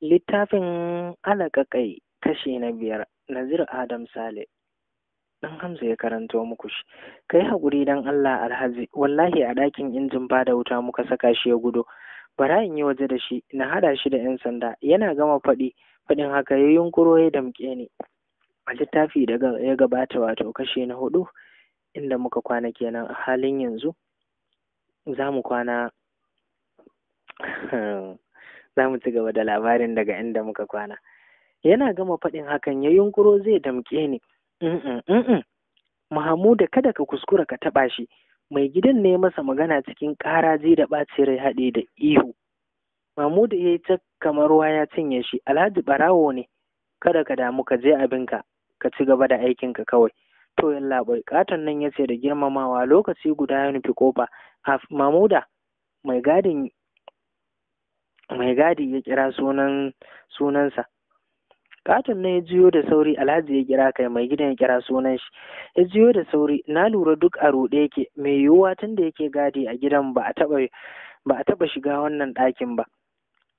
Littafin Alaƙaƙai kashi na biyar Nazir Adam Sale ɗan Hamza ya karanto muku shi. Kai haƙuri don Allah alhaji, wallahi a ɗakin injin ba da wuta muka saka shi ya gudu. Bara in yi waje da shi, na haɗa shi da 'yan sanda, yana gama faɗi, faɗin haka ya yunƙuro ya damƙe ni. A littafi da ya gabata wato kashi na huɗu inda muka kwana kenan a halin yanzu za mu kwana za mu ci gaba da labarin daga inda muka kwana yana gama faɗin hakan ya yunkuro zai damƙe ni Mahamuda kada ka kuskura ka taɓa shi mai gidan ne masa magana cikin ƙaraji da ɓaci rai haɗe da ihu Mahmudu ya yi ta kamar ruwa ya cinye shi Alhaji ɓarawo ne kada ka damu ka je abinka ka ci gaba da aikinka kawai to yalla bai katon nan ya ce da girmamawa lokaci guda ya nufi kofa ah, Mamuda mai gadin mai gadi ya kira sunan sunansa katon ne ya jiyo da sauri alhaji ya kira kai mai gidan ya kira sunan shi ya jiyo da sauri na lura duk a ruɗe yake mai yiwuwa tun da yake gadi a gidan ba a taɓa ba a taba shiga wannan ɗakin ba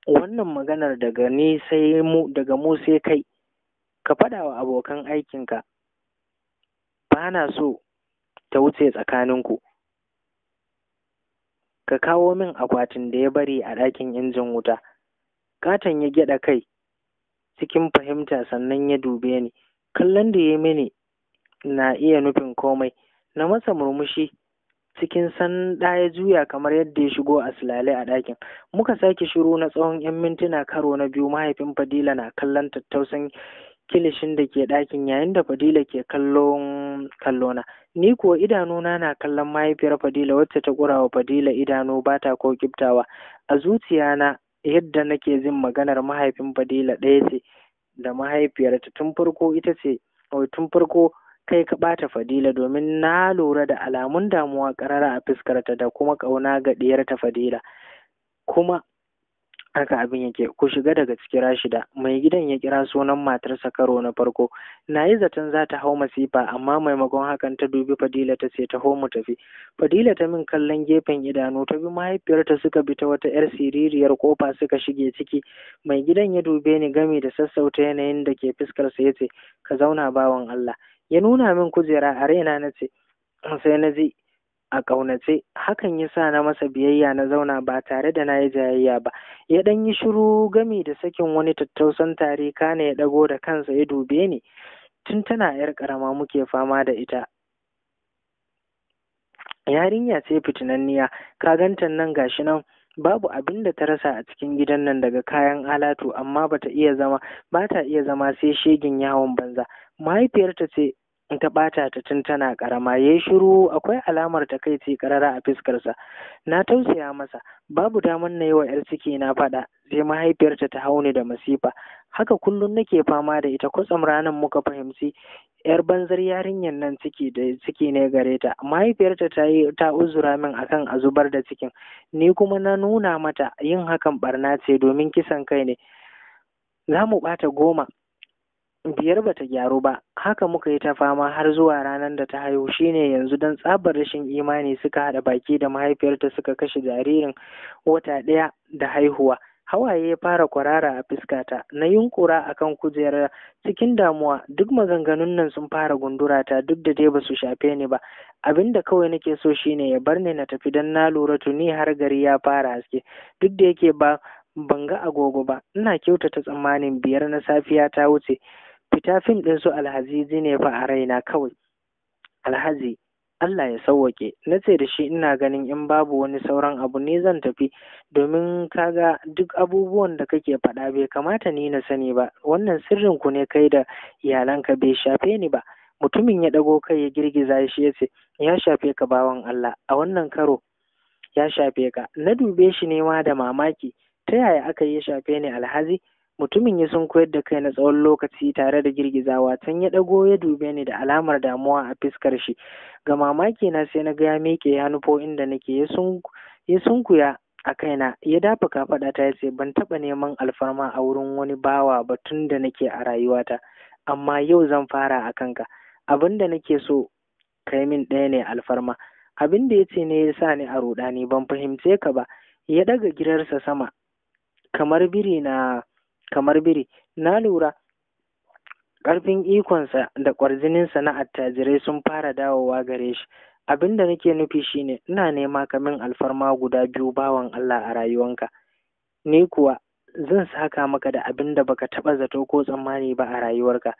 wannan maganar daga ni sai mu daga mu sai kai ka faɗawa wa abokan aikinka ba na so ta wuce tsakaninku ka kawo min akwatin da ya bari a ɗakin injin wuta katon ya gyaɗa kai cikin fahimta sannan ya dube ni kallon da ya mini na iya nufin komai na masa murmushi cikin sanda ya juya kamar yadda ya shigo a silale a ɗakin muka sake shiru na tsawon 'yan mintuna karo na biyu mahaifin fadila na kallon tattausan kilishin da ke ɗakin yayin da Fadila ke kallon kallona. Ni kuwa idanuna na kallon mahaifiyar Fadila wacce ta wa Fadila idanu ba ta ko kiftawa. A na, yadda nake jin maganar mahaifin Fadila ɗaya ce da mahaifiyarta tun farko ita ce tun farko kai ka ɓata Fadila domin na lura da alamun damuwa ƙarara a fuskarta da kuma ƙauna ga ɗiyarta Fadila. Kuma haka abin yake ku shiga daga ciki rashida mai gidan ya kira sunan matarsa karo na farko na yi zaton za ta hau masifa amma maimakon hakan ta dubi fadila ta ce ta hau mu tafi fadila ta min kallon gefen idanu ta bi mahaifiyarta suka bi ta wata yar siririyar kofa suka shige ciki mai gidan ya dube ni gami da sassauta yanayin da ke fuskarsa ya ce ka zauna bawan allah ya nuna min kujera a raina na ce sai na ji a ƙaunace hakan ya sa na masa biyayya na zauna ba tare da na yi jayayya ba ya ɗan yi shiru gami da sakin wani tattausan tare kana ya ɗago da kansa ya dube ni tun tana yar ƙarama muke fama da ita yarinya ce fitinanniya ka gantan nan gashi nan babu abin da ta rasa a cikin gidan nan daga kayan alatu amma bata iya zama ba iya zama sai shegin yawon banza mahaifiyarta ce in ta ɓata ta tun tana ƙarama ya yi shiru akwai alamar ta ce ƙarara a fuskarsa na tausaya masa babu damar na yi wa ‘yar ciki na faɗa sai mahaifiyarta ta ni da masifa haka kullum nake fama da ita kwatsam ranar muka fahimci ‘yar banzar yarinyar nan ciki da ciki ne gare ta mahaifiyarta ta yi ta uzura min akan a zubar da cikin ni kuma na nuna mata yin hakan barna ce domin kisan kai ne za mu ɓata goma biyar ba ta gyaru ba haka muka yi ta fama har zuwa ranar da ta haihu shine yanzu don tsabar rashin imani suka haɗa baki da mahaifiyarta suka kashe jaririn wata ɗaya da haihuwa hawaye ya fara kwarara a fuskata na yunkura a kan kujerar cikin damuwa duk maganganun nan sun fara gundura ta duk da dai ba su shafe ni ba abin da kawai nake so shine ya bar ni na tafi don na lura tuni har gari ya fara haske duk da yake ba ban ga agogo ba ina kyautata tsammanin biyar na safiya ta wuce fita fim ɗin su alhazizi ne fa a raina kawai alhazi Allah ya sauwake na ce da shi ina ganin in babu wani sauran abu ne zan tafi domin kaga duk abubuwan da kake faɗa bai kamata ni na sani ba wannan sirrin ku ne kai da iyalanka bai shafe ni ba mutumin ya ɗago kai ya girgiza shi ya ce ya shafe ka bawan Allah a wannan karo ya shafe ka na dube shi ne ma da mamaki ta yaya aka yi shafe ni alhazi Mutumin ya sunkuyar da kai na tsawon lokaci tare da girgizawa, can ya ɗago ya dube ni da alamar damuwa a fiskar shi. Ga mamaki na sai na ga ya miƙe ya nufo inda nake ya sunkuya a kaina ya dafa kafaɗa ta ya ce ban taɓa neman alfarma a wurin wani bawa ba tun da nake a rayuwata amma yau zan fara a kanka abin da nake so kai min ɗaya ne alfarma abin da ya ce ne ya sa ni a ruɗani ban fahimce ka ba ya ɗaga girarsa sama kamar biri na kamar biri na lura ƙarfin ikonsa da ƙwarjininsa na attajirai sun fara dawowa gare shi abin da nake nufi shine ina nema kamin alfarma guda biyu bawan Allah a rayuwanka ni kuwa zan saka maka da abin da baka taɓa zato ko tsammani ba a rayuwarka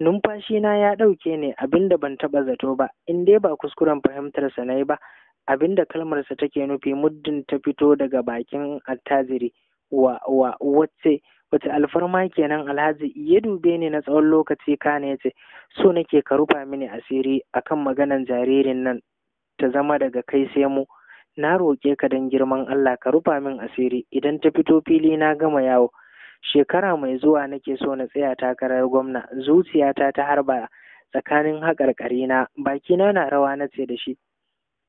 numfashina ya ɗauke ne abin da ban taɓa zato ba in dai ba kuskuren fahimtarsa na yi ba abin da kalmarsa take nufi muddin ta fito daga bakin attajiri wa wa wacce wace alfarma kenan alhaji ya dube ni na tsawon lokaci kana ya ce so nake ka rufa mini asiri akan maganan jaririn nan ta zama daga kai sai mu na roƙe ka don girman Allah ka rufa min asiri idan ta fito fili na gama yawo shekara mai zuwa nake so na tsaya takarar gwamna zuciyata ta harba tsakanin haƙarƙari na bakina na rawa na ce da shi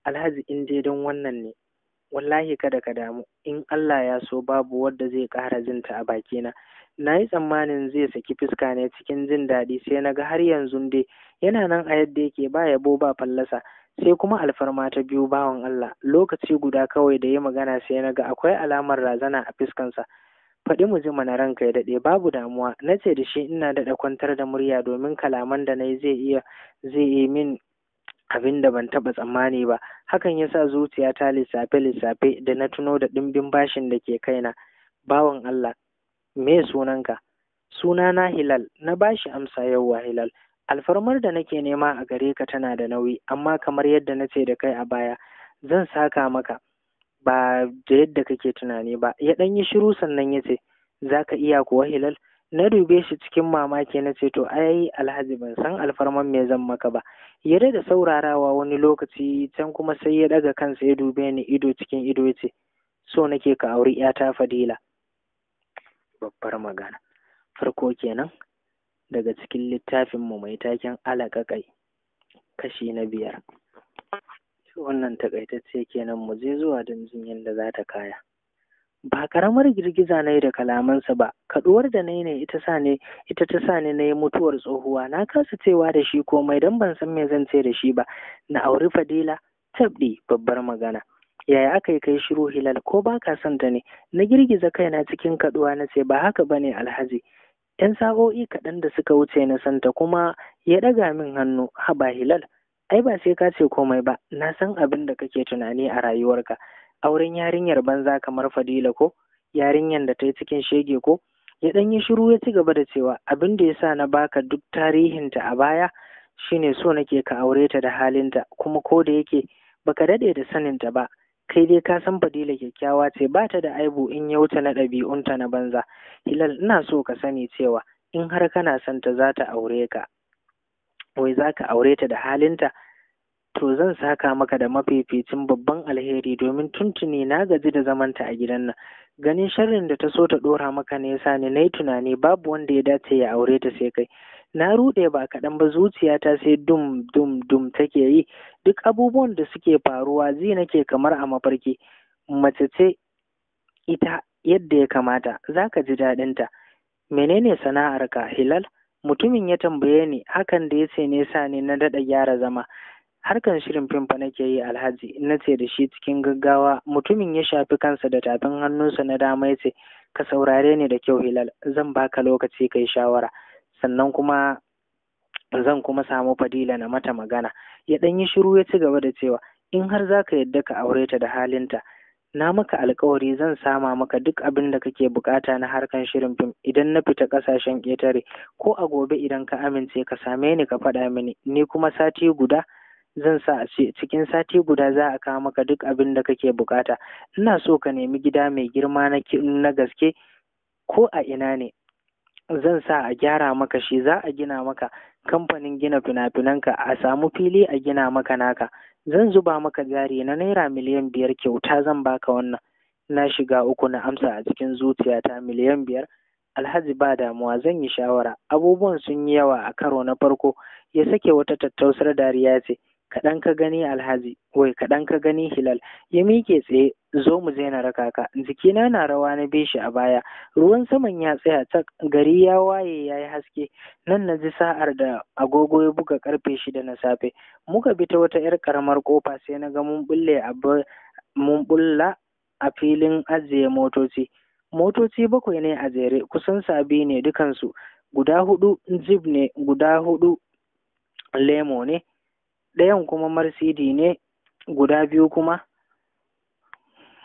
alhaji in dai don wannan ne wallahi kada ka damu in Allah ya so babu wadda zai ƙara jin a bakina na yi tsammanin zai saki fuska ne cikin jin daɗi sai na ga har yanzu dai yana nan a yadda yake ba yabo ba fallasa sai kuma alfarma ta biyu bawan Allah lokaci guda kawai da ya magana sai na ga akwai alamar razana a fuskansa faɗi mu ji mana ranka ya daɗe babu damuwa na ce da shi ina daɗa kwantar da murya domin kalaman da na yi zai iya zai yi min abin da ban taɓa tsammani ba hakan ya sa ta lissafe lissafe da na tuno da ɗimbin bashin da ke kaina bawan Allah me sunanka Suna na Hilal na bashi amsa yauwa Hilal alfarmar da nake nema a gare ka tana da nauyi amma kamar yadda na ce da kai a baya zan saka maka ba da yadda kake tunani ba ya ɗan yi shiru sannan ya ce za ka iya kuwa Hilal na dube shi cikin mamaki na ce to ai alhaji ban san alfarman me zan maka ba Ya da saurarawa wani lokaci can kuma sai ya daga kansa ya dube ni ido cikin ido ya ce so nake ka auri yata fadila babbar magana farko kenan daga cikin littafin mu mai taken alaƙaƙai kashi na biyar wannan takaitacce kenan mu je zuwa don jin yadda za ta kaya ba karamar girgiza na yi da kalamansa ba kaduwar da na yi ne ita sa ne ita ta sa ne na yi mutuwar tsohuwa na kasa cewa da shi komai don ban san me zan ce da shi ba na auri fadila tabdi babbar magana yaya aka yi kai shiru hilal ko ba ka son ta ne na girgiza kaina cikin kaduwa na ce ba haka bane alhaji yan sa'o'i kaɗan da suka wuce na santa kuma ya ɗaga min hannu haba hilal ai ba sai ka ce komai ba na san abin da kake tunani a rayuwarka auren yarinyar banza kamar fadila ko yarinyar da ta yi cikin shege ko ya ɗan yi shiru ya ci gaba da cewa abin da ya sa na baka duk tarihinta a baya shine so nake ka aure ta da halinta kuma ko da yake baka daɗe da saninta ba kai dai ka san fadila kyakkyawa ce ba ta da aibu in yi wuta na ɗabi'unta na banza hilal ina so ka sani cewa in har kana son ta za ta aure ka wai za ka aure ta da halinta to zan saka maka da mafificin babban alheri domin tuntuni na gaji da zamanta a gidan nan ganin sharrin da ta so ta ɗora maka ne yasa ni nayi tunani babu wanda ya dace ya aure ta sai kai na rude ba kaɗan ba zuciyata sai dum dum dum take yi duk abubuwan da suke faruwa zai nake kamar a mafarki mace ce ita yadda ya kamata za ka ji daɗinta menene sana'arka hilal mutumin ya tambaye ni hakan da ya ce ne sa ne na daɗa gyara zama harkan shirin fim fa nake yi alhaji na ce da shi cikin gaggawa mutumin ya shafi kansa da tafin hannunsa na dama ya ce ka saurare ni da kyau hilal zan baka lokaci kai shawara sannan kuma zan kuma samu fadila na mata magana ya ɗan yi shiru ya ci gaba da cewa in har za ka yadda ka aure ta da halinta na maka alkawari zan sama maka duk abin da kake bukata na harkan shirin fim idan na fita kasashen ƙetare ko a gobe idan ka amince ka same ni ka faɗa mini ni kuma sati guda zan sa a cikin sati guda za a kawo maka duk abin da kake bukata ina so ka nemi gida mai girma na gaske ko a ina ne zan sa a gyara maka shi za a gina maka kamfanin gina fina-finanka a samu fili a gina maka naka zan zuba maka jari na naira miliyan biyar kyauta zan baka wannan na shiga uku na amsa a cikin zuciyata miliyan biyar alhaji ba damuwa zan yi shawara abubuwan sun yi yawa a karo na farko ya sake wata tattausar dariya ce kaɗan ka gani alhaji wai kaɗan ka gani hilal ya miƙe tsaye zo mu zaina raka ka jikina na rawa na bi shi a baya ruwan saman ya tsaya ta gari ya waye ya yi haske nan na ji sa'ar da agogo ya buga karfe shida na safe muka bi ta wata 'yar karamar kofa sai na ga mun bulle a mun bulla a filin ajiye motoci motoci bakwai ne a jere kusan sabi ne dukansu guda hudu jib ne guda hudu lemo ne ɗayan kuma marsidi ne guda biyu kuma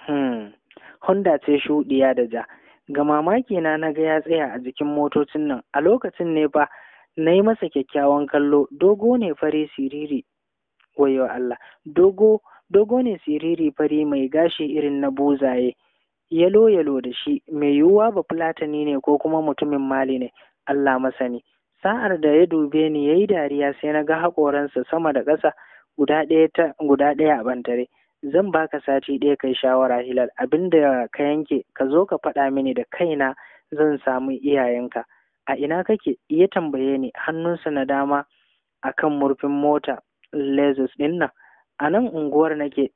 hmm. Honda ce shuɗiya da ja ga mamaki na na ga ya tsaya a jikin motocin nan a lokacin ne ba na yi masa kyakkyawan kallo dogo ne fari siriri wayo Allah dogo dogo ne siriri fari mai gashi irin na buzaye yalo yalo da shi mai yiwuwa ba fulatani ne ko kuma mutumin mali ne Allah masani sa'ar da ya dube ni ya yi dariya sai na ga haƙoransa sama da ƙasa guda ɗaya a bantare zan baka sati ɗaya kai shawara hilal abin da ka yanke ka zo ka faɗa mini da kaina zan samu iyayenka a ina kake ya tambaye ni hannunsa na dama kan murfin mota Lezus ɗin nan a nan unguwar nake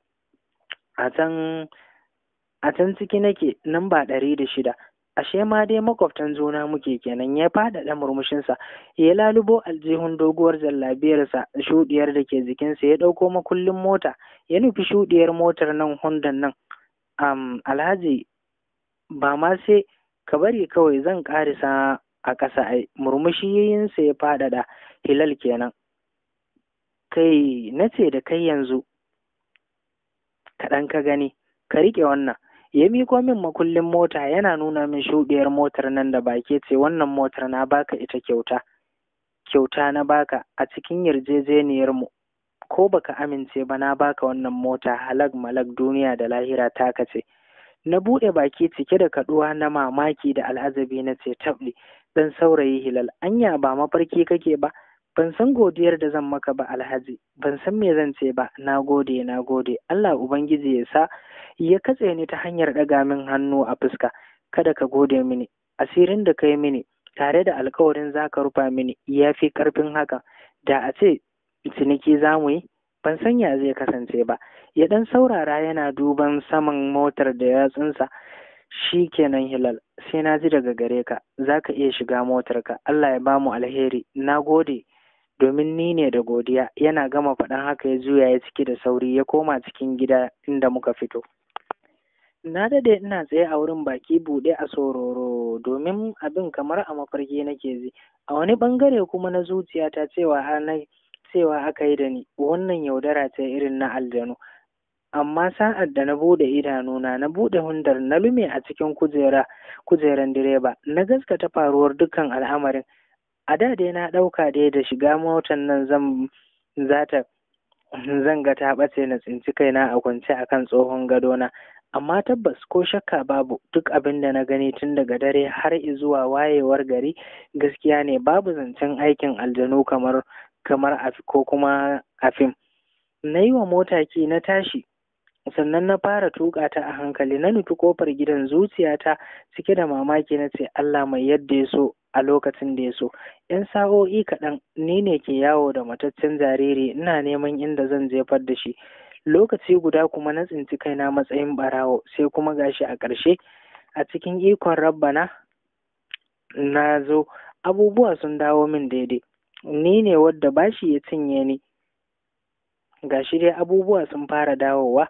a can ciki nake nan ba ɗari da shida ashe ma dai makwabtan juna muke kenan ya faɗaɗa murmushinsa ya lalubo aljihun doguwar jallabiyarsa shuɗiyar da ke jikinsa ya ɗauko makullin mota ya nufi shuɗiyar motar nan hundan nan um, alhaji ba ma sai ka bari kawai zan ƙarisa a ƙasa ai murmushi yayinsa ya faɗaɗa hilal kenan kai na ce da kai yanzu kaɗan ka gani ka riƙe wannan ya miko min makullin mota yana nuna min shuɗiyar motar nan da bake ce wannan motar na baka ita kyauta kyauta na baka a cikin yarjejeniyar mu ko baka amince ba na baka wannan mota halag malag duniya da lahira ta kace? na buɗe baki cike da kaduwa na mamaki da al'ajabi na ce tabli dan saurayi hilal anya ba mafarki kake ba ban san godiyar da zan maka ba alhaji ban san me zan ce ba na gode na gode allah ubangiji ya sa ya katse ni ta hanyar ɗaga min hannu a fuska kada ka gode mini asirin da kai mini tare da alkawarin za ka rufa mini ya fi ƙarfin haka da a ce ciniki za mu yi ban san ya zai kasance ba ya ɗan saurara yana duban saman motar da yatsunsa shi kenan hilal sai na ji daga gare ka za ka iya shiga motarka allah ya bamu alheri na gode domin ni ne da godiya yana gama faɗan haka ya juya ya ciki da sauri ya koma cikin gida inda muka fito Na dade ina tsaye a wurin baki buɗe a sororo domin abin kamar a mafarki nake ji. A wani ɓangare kuma na zuciya ta cewa cewa aka yi da ni wannan yaudara ce irin na aljanu. Amma sa'ad da na buɗe idanuna na buɗe hundar na lume a cikin kujera kujeran direba na gaskata faruwar dukkan al'amarin. A da dai na ɗauka dai da shiga motar nan zan zata zan ga ta ɓace na tsinci kaina a kwance a kan tsohon gadona amma tabbas ko shakka babu duk abin da na gani tun daga dare har zuwa wayewar gari gaskiya ne babu zancen aikin aljanu kamar kamar ko kuma afim na yi wa mota ki na tashi sannan na fara tuka ta a hankali na nufi kofar gidan zuciyata cike da mamaki na ce Allah mai yadda ya so a lokacin da ya so yan sa'o'i kaɗan ni ne ke yawo da mataccen jariri ina neman inda zan jefar da shi lokaci guda kuma na tsinci kaina matsayin barawo sai kuma gashi a ƙarshe a cikin ikon rabbana na zo abubuwa sun dawo min daidai ni ne wadda bashi ya cinye ni gashi dai abubuwa sun fara dawowa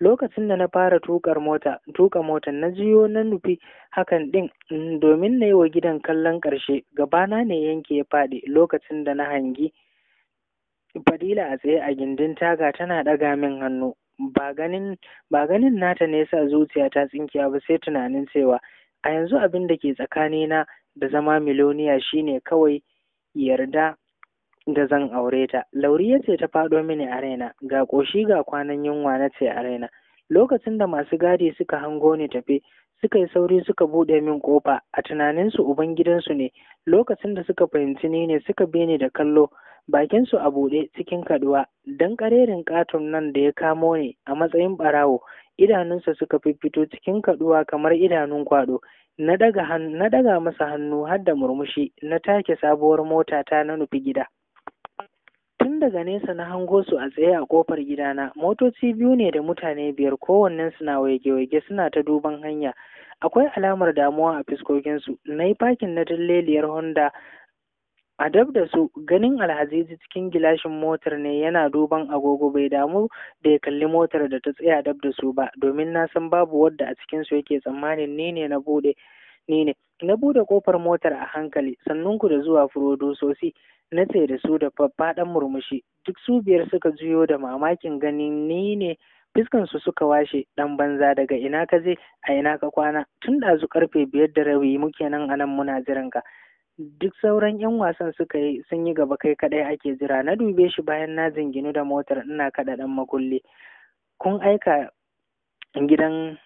lokacin da na fara tukar mota tuka mota na jiyo na nufi hakan ɗin, mm, domin na yi wa gidan kallon ƙarshe gabana ne yanke ya faɗi lokacin da na hangi Fadila a tsaye a gindin taga tana ɗaga min hannu. Ba ganin, ba ganin nata ne yasa zuciya ta tsinkiya ba sai tunanin cewa a yanzu abin da ke tsakanina da zama miloniya shine kawai yarda da zan aure ta. ya ce ta faɗo mini a raina, ga ƙoshi ga kwanan yunwa na ce a raina. Lokacin da masu gadi suka hango ni tafe, suka yi sauri suka buɗe min ƙofa a tunaninsu uban gidansu ne lokacin da suka fahimci ni ne suka bi ni da kallo bakinsu a buɗe cikin kaɗuwa. dan ƙarerin katon nan da ya kamo ni a matsayin ɓarawo idanunsa suka fiffito cikin kaɗuwa kamar idanun kwaɗo na daga masa hannu har da murmushi na take sabuwar mota ta na nufi gida tun daga nesa na hango su a tsaye a kofar gidana motoci biyu ne da mutane biyar kowannen suna waige-waige suna ta duban hanya akwai alamar damuwa a fuskokinsu na yi fakin na dalleliyar honda a dab da su ganin alhazizi cikin gilashin motar ne yana duban agogo bai damu da ya kalli motar da ta tsaya dab da su ba domin na san babu wadda a cikinsu yake tsammanin ni ne na bude ni ne Na buɗe kofar motar a hankali, sannunku da zuwa furodusosi, na tsaye da su da faffaɗan murmushi. Duk su biyar suka juyo da mamakin ganin ni ne fiskansu suka washe ɗan banza daga ina ka je a ina ka kwana tun ɗazu karfe biyar da rabi muke nan anan muna jiran ka. Duk sauran 'yan wasan suka yi sun yi gaba kai kaɗai ake jira na dube shi bayan na zinginu da motar ina kaɗa ɗan makulli. Kun aika gidan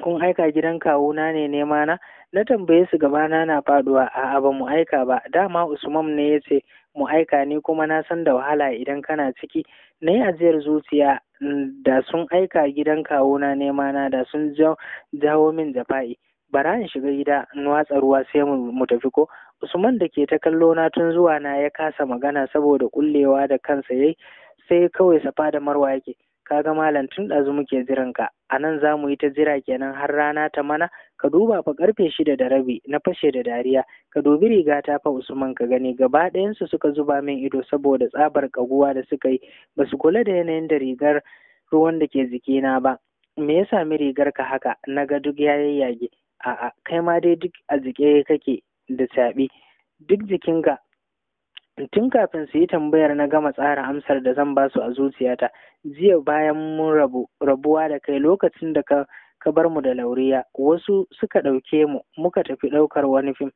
kun aika gidan kawuna ne nema na na tambaye su gaba na na faduwa a'a ba mu aika ba dama usman ne ya ce mu aika ni kuma na san da wahala idan kana ciki na yi ajiyar zuciya mm, da sun aika gidan kawuna nema na da sun jawo min jafa'i bara in shiga gida in watsa ruwa sai mu tafi ko usman da ke ta kallo na tun zuwa na ya kasa magana saboda kullewa da kansa yayi sai kawai safa da marwa yake kaga malam tun ɗazu muke jiran ka a nan za mu yi ta jira kenan har rana ta mana ka duba fa karfe shida da rabi na fashe da dariya ka dubi riga ta fa usman ka gani gaba ɗayansu suka zuba min ido saboda tsabar kaguwa da suka yi ba su kula da yanayin da rigar ruwan da ke jikina ba me ya sami rigar ka haka na ga duk ya yayyage a'a kai ma dai duk a jike kake da caɓi duk jikinka tun kafin su yi tambayar na gama tsara amsar da zan basu a zuciyata jiya bayan mun rabuwa da kai lokacin da ka bar mu da lauriya wasu suka ɗauke mu muka tafi ɗaukar wani fim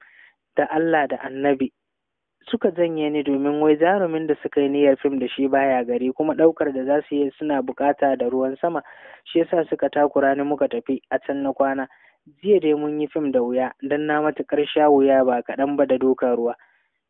da Allah da annabi suka janye ni domin wai jarumin da suka yi niyyar fim da shi baya gari kuma ɗaukar da za su yi suna bukata da ruwan sama shi yasa suka takura ni muka tafi a can na kwana jiya dai mun yi fim da wuya don na matuƙar sha wuya ba kaɗan ba da dokar ruwa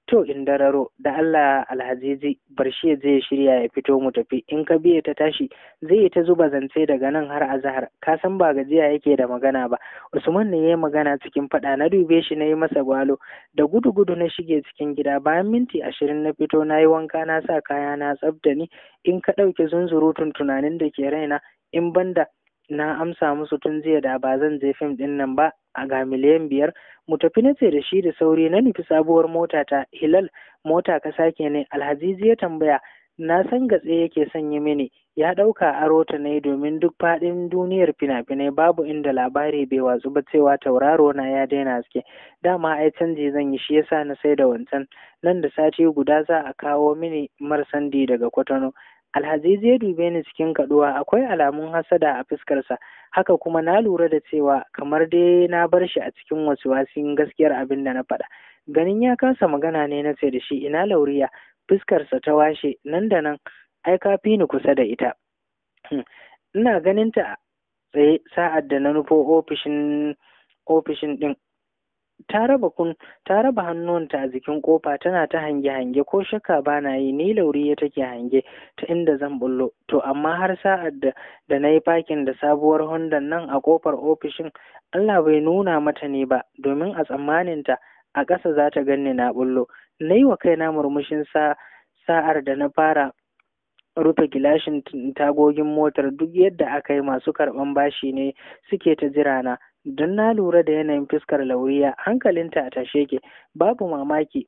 To in dararo da Allah alhajiji barshe zai shirya ya fito mu tafi in ka biye ta tashi zai ta zuba zance daga nan har azahar ka san ba gajiya yake da magana ba Usman ne yayi magana cikin fada na dube shi na yi masa gwalo da gudu gudu na shige cikin gida bayan minti ashirin na fito na yi wanka na sa kaya na tsabtani in ka ɗauke zunzurutun tunanin da ke raina in banda na amsa musu tun jiya da ba zan je fim din nan ba a ga miliyan biyar mu tafi na da shi da sauri na nufi sabuwar mota ta hilal mota ka sake ne alhaziz ya tambaya na san gatse yake sanya mini ya ɗauka aro ta ne domin duk faɗin duniyar fina-finai babu inda labari bai watsu ba cewa tauraro na ya daina haske dama ai canji zan yi shi yasa na sai da wancan nan da sati guda za a kawo mini marsandi daga kwatano Alhazizi ya dube ni cikin kaduwa akwai alamun hasada a fuskarsa haka kuma na lura da cewa kamar dai na bar shi a cikin wasu wasuwasin gaskiyar abin da na faɗa. Ganin ya kasa magana ne na ce da shi ina lauriya fuskarsa ta washe nan da nan ai ka fi ni kusa da ita. Ina ganin ta tsaye sa'ad da na nufo ofishin ofishin ɗin ta raba kun ta raba hannuwanta a jikin ƙofa, tana ta hange hange ko shakka ba na yi ni lauriya take hange ta inda zan bullo to amma har sa'ar da da na yi fakin da sabuwar honda nan a kofar ofishin Allah bai nuna mata ne ba domin a ta a ƙasa za ta ganni na bullo na yi wa kaina murmushin sa sa'ar da na fara rufe gilashin tagogin motar duk yadda aka yi masu karɓan bashi ne suke ta jira na don na lura da yanayin fuskar lauriya hankalinta a tashe ke babu mamaki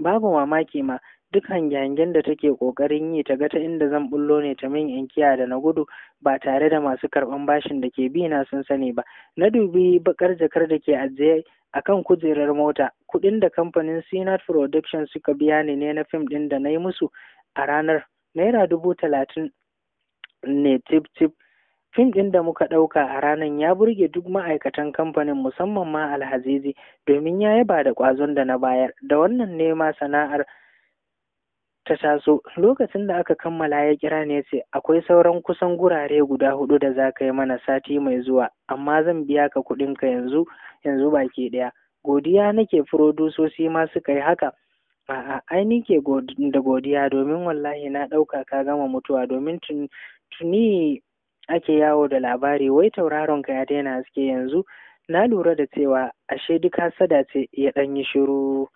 babu mamaki ma duk hangen da take kokarin yi ta gata ta inda zan bullo ne ta min inkiya da na gudu ba tare da masu karban bashin da ke bina sun sani ba na dubi bakar jakar da ke ajiye a kan kujerar mota kudin da kamfanin sinat production suka biya ni ne na fim din da na yi musu a ranar naira dubu talatin ne tip tip Fim ɗin da muka ɗauka a ranan ya burge duk ma'aikatan kamfanin musamman ma Alhazizi domin ya yaba da ƙwazon da na bayar. Da wannan nema sana'ar ta taso. Lokacin da aka kammala ya kira ne ce akwai sauran kusan gurare guda hudu da za ka yi mana sati mai zuwa amma zan biya ka kuɗinka yanzu yanzu baki ɗaya. Godiya nake furodusosi ma suka yi haka. A'a, ai ni ke da godiya domin wallahi na ɗauka ka gama mutuwa domin tuni ake yawo da labari wai tauraron ka ya daina haske yanzu na lura da cewa ashe duk hasada ce ya ɗan yi shiru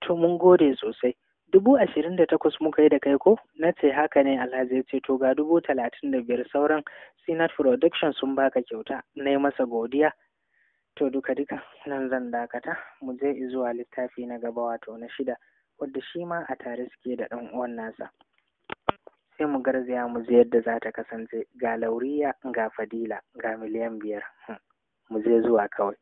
to mun gode sosai dubu ashirin da takwas muka yi da kai ko na ce haka ne alhaji ya ce to ga dubu talatin da biyar sauran sinat production sun baka kyauta na yi masa godiya to duka duka nan zan dakata mu je zuwa littafi na gaba wato na shida wadda shi ma a tare suke da ɗan uwan nasa sai mu garzaya mu je yadda za ta kasance ga lauriya ga fadila ga miliyan biyar hm, mu je zuwa kawai